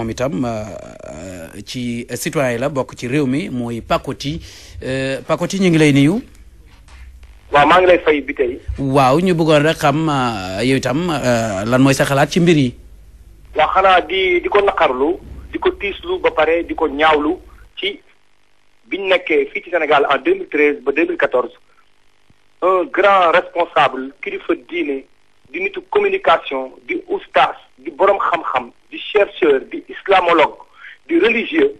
moom itam euh, euh, ci citoyen la bokk ci réew mi mooy Pakoti euh, Pakoti ñu ngi lay nuyu. waaw maa ngi lay fay bi tey. waaw ñu bëggoon rek xam yow itam lan mooy sa xalaat ci mbir yi. waaw xanaa di di ko naqarlu di ko tiislu ba pare di ko ñaawlu ci biñ nekkee fii ci Sénégal en 2013 ba 2014 un grand responsable kilifa diine. di nitu communication di oustaz di borom xam-xam di chercheur di islamologue di religieux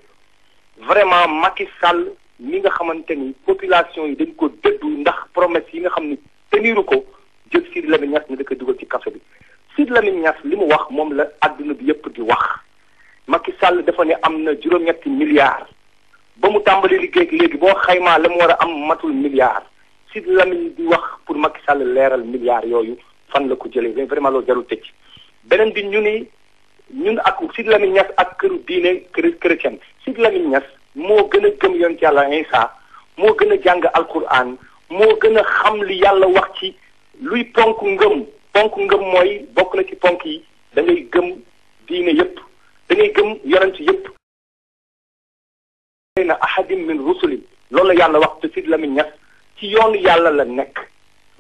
vraiment Macky Sall mi nga xamante ni population yi dañ ko dëddu ndax promesse yi nga xam ni teniru ko jël Sidy Lamine Niass ni da ko dugal ci kaso bi Sid Lamine Niass li mu wax moom la àdduna bi yépp di wax Macky Sall dafa ne am na juróom-ñetti milliards ba mu tàmbali liggéey léegi boo xaymaa la mu war a am matul milliard Sid Lamine di wax pour Macky Sall leeral milliards yooyu fan la ko jëlee vraiment loolu jarul tëj beneen bi ñu ni ñun ak Sid Lamine Niass ak këru diine kër chrétien Sid la Niass moo gën a gëm yoon ci yàlla Insa moo gën a jàng alquran moo gën a xam li yàlla wax ci luy ponk ngëm ponk ngëm mooy bokk na ci ponk yi da ngay gëm diine yépp da ngay gëm yonent yépp na ahadim min rusuli loolu la yàlla wax te Sid Lamine Niass ci yoonu yàlla la nekk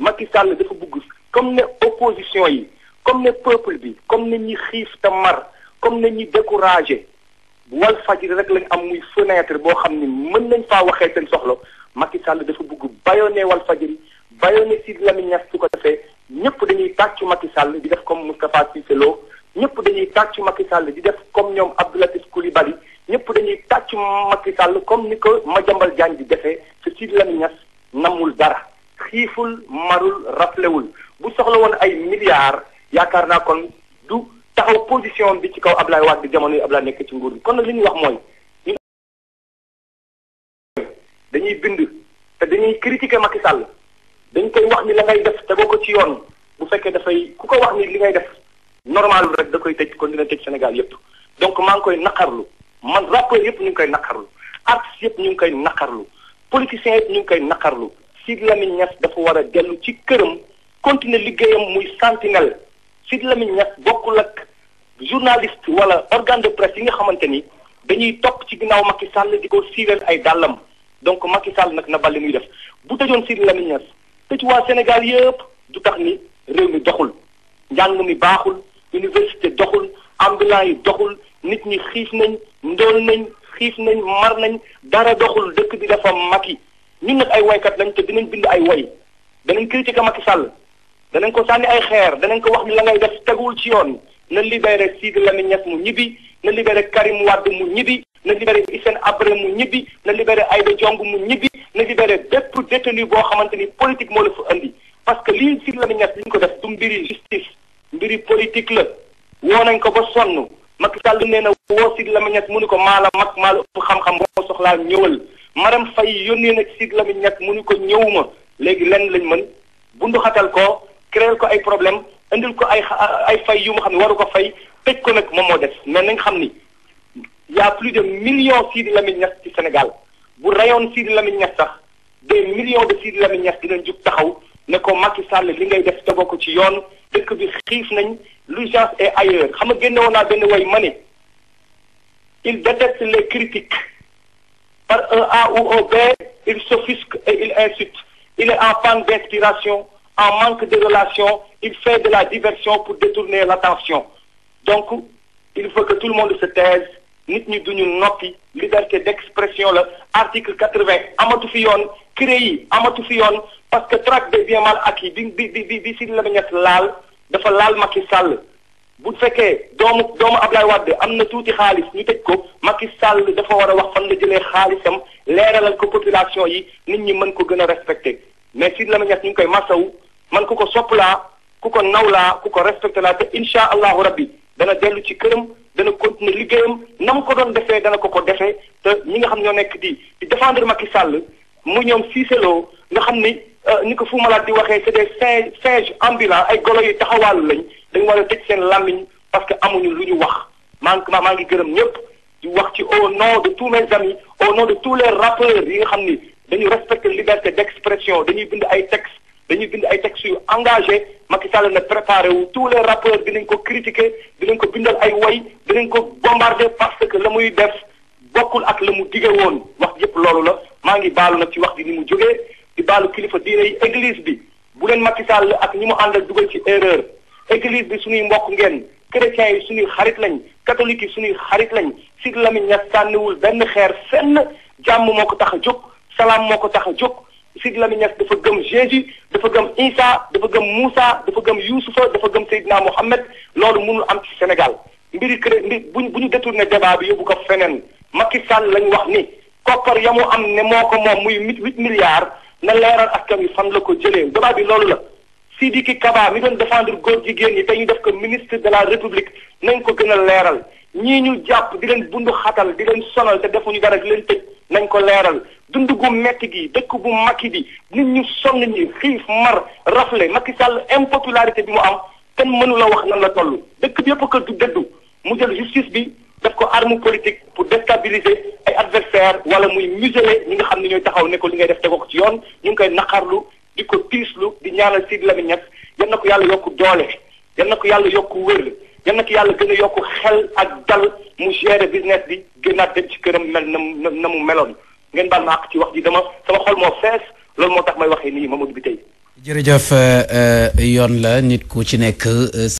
Macky Sall dafa bugg comme ne opposition yi comme ne peuple bi comme ne ñi de te mar comme ne ñi découragé wal fajiri rek lañ am muy fenêtre bo xamni ni mën nañ faa waxee seen soxla Macky Sall dafa bugg bayoné wal fajiri bayoné Sidy Lamine Niass su ko defee ñëpp dañuy tàccu Macky Sall di def comme Moustapha Cissé Lo ñëpp dañuy tàccu Macky Sall di def comme ñoom Abdoulatif Coulibaly ñëpp dañuy tàccu Macky Sall comme ni ko Madiambal Diagne di defee ci Sid Lamine Niass namul dara xiiful marul raflewul bu soxla woon ay milliards yaakaar naa kon du taxaw position bi ci kaw Ablaye Wade bi jamono yi Ablaye nekk ci nguur bi kon nag li ñuy wax mooy dañuy bind te dañuy critiquer Macky Sall dañ koy wax ni la ngay def te tegoo ko ci yoon bu fekkee dafay ku ko wax ni li ngay def normalul rek da koy tëj kon dina tëj Sénégal yépp donc maa ngi koy naqarlu man rappeur yëpp ñu ngi koy naqarlu artistes yëpp ñu ngi koy naqarlu politiciens yëpp ñu ngi koy naqarlu Sidy Lamine Niass dafa war a dellu ci këram continuer liggéeyam muy sentinelle Sidy Lamine Niass bokkul ak journaliste wala organe de presse yi nga xamante ni dañuy topp ci ginnaaw Macky sàll di ko siiweel ay dàllam donc Macky Sall nag na bal li muy def bu tëjoon Sidy Lamine Niass tëj waa Sénégal yëpp du tax ni réew mi doxul njàng mi baaxul université doxul ambulants yi doxul nit ñi xiif nañ ndool nañ xiif nañ mar nañ dara doxul dëkk bi dafa Macky ñun nag ay woykat lañ te dinañ bind ay woy danañ critiquer Sall danañ ko sànni ay xeer danañ ko wax ni la ngay def tegul ci yoon na libéré Sidi Lamine Niass mu ñibbi na libéré Karim Wade mu ñibbi na libéré Hissène Abré mu ñibbi na libéré Aïda Diong mu ñibbi na libéré bépp détenu boo xamante ni politique moo la fa andi parce que lii Sidi ko def du mbiri justice mbiri politique la woo nañ ko ba sonn Macky Sall nee na woo Sidi Lamine Niass mu ni ko maa la mag maa la ëpp xam-xam boo soxlaa ñëwal maram fay yónnee nag Sidi Lamine Niass mu ni ko ñëwuma léegi lenn lañ mën bundu xatal ko créer ko ay problème andil ko ay ay fay yu mu xamni waru ko fay tëj ko nak mom mo def mais nañ xamni il y a plus de millions Sidi Lamine Niass ci Sénégal bu rayoon Sidi Lamine Niass sax des millions de Sidi Lamine Niass dinañ jug taxaw ne ko Macky Sall li ngay def tegoo ko ci yoon dëkk bi xiif nañ l'urgence est ailleurs xam nga génne woon naa way mané il déteste les critiques par un A ou un B il s'offusque et il insulte il est en panne d'inspiration en manque de relations, il fait de la diversion pour détourner l'attention. Donc, il faut que tout le monde se taise, nit ñi duñu noppi liberté d'expression le article 80, vingt amatu fi yoon CREI parce que traque des biens mal acquis bi bi bi bi de la ñett laal dafa laal Macky Sall bu fekkee doomu doomu Ablaye Wade am na tuuti xaalis ñu tëj ko Macky Sall dafa war de wax fan la jëlee xaalisam leeralal ko population yi nit ñi mën ko mais si la manière ñu ngi koy man ku ko sopp laa ku ko naw laa ku ko respecté laa te incha allahu rabbi dana dellu ci këram dana continuer liggéeyam na mu ko doon defee dana ko ko defee te ñi nga xam ñoo nekk di di défendre Macky Sall mu ñoom Cissé nga xam ni euh, ni ko Fou Malade di waxee c'est des singes singes ambulants ay golo yu taxawaalu lañ dañu war a tëj seen làmmiñ parce que amuñu lu ñu wax maa maa ngi gërëm ñëpp di wax ci au nom de tous mes amis au nom de tous les rappeurs yi nga xam ni dañu respecter liberté d'expression dañuy bind ay textes dañuy bind ay textes yu engagé Macky Sall na préparé wu tous les rappeurs dinañ ko critiquer dinañ ko bindal ay woy dinañ ko bombarder parce que la muy def bokkul ak la mu dige woon wax yëpp loolu la maa ngi baalu nag ci wax ji ni mu jógee di baalu kilifa diine yi église bi bu leen Macky Sall ak ñi mu àndal dugal ci erreur église bi suñuy mbokk ngeen chrétiens yi suñuy xarit lañ catholique yi suñuy xarit lañ si Lamine Niass sànniwul benn xeer fenn jàmm ko tax a jóg salaam moo ko tax a jóg. Sidi Lamine dafa gëm Jésus dafa gëm Isa dafa gëm Moussa dafa gëm Youssoufa dafa gëm Seydina Mohamed loolu mënul am ci Sénégal mbiri cré mbir bu bu ñu détourné débat bi yóbbu ko feneen Macky Sall lañ wax ni koppar ya mu am ne moo ko moom muy huit milliards na leeral askan wi fan la ko jëlee débat bi loolu la Sidiki Kaba mi doon défendre góor jigéen ñi dañu def ko ministre de la République nañ ko gën a leeral ñii ñu jàpp di leen bundu xatal di leen sonal te defuñu dara nañ ko leeral dund gu metti gi dëkk bu makki bi nit ñu sonn ñi xiif mar rafle Macky Sall impopularité bi mu am kenn mënu wax nan la toll dëkk bi yëpp ko du dëddu mu jël justice bi def ko arme politique pour déstabiliser ay adversaire wala muy museler ñi nga xam ne ñooy taxaw ne ko li ngay def tegoo ko ci yoon ñu ngi koy naqarlu di ko tiislu di ñaanal Sidi Lamine Niass yal na ko yàlla yokk doole yal na ko yàlla yokk wér yal na ko yàlla gën a yokk xel ak dal mu gérer business bi gën a dem ci këram mel na mu na mu meloon ngeen baal ma àq ci wax ji dama sama xol moo fees loolu moo tax may waxee nii Mamadou bi tey. jërëjëf yoon la nit ku ci nekk.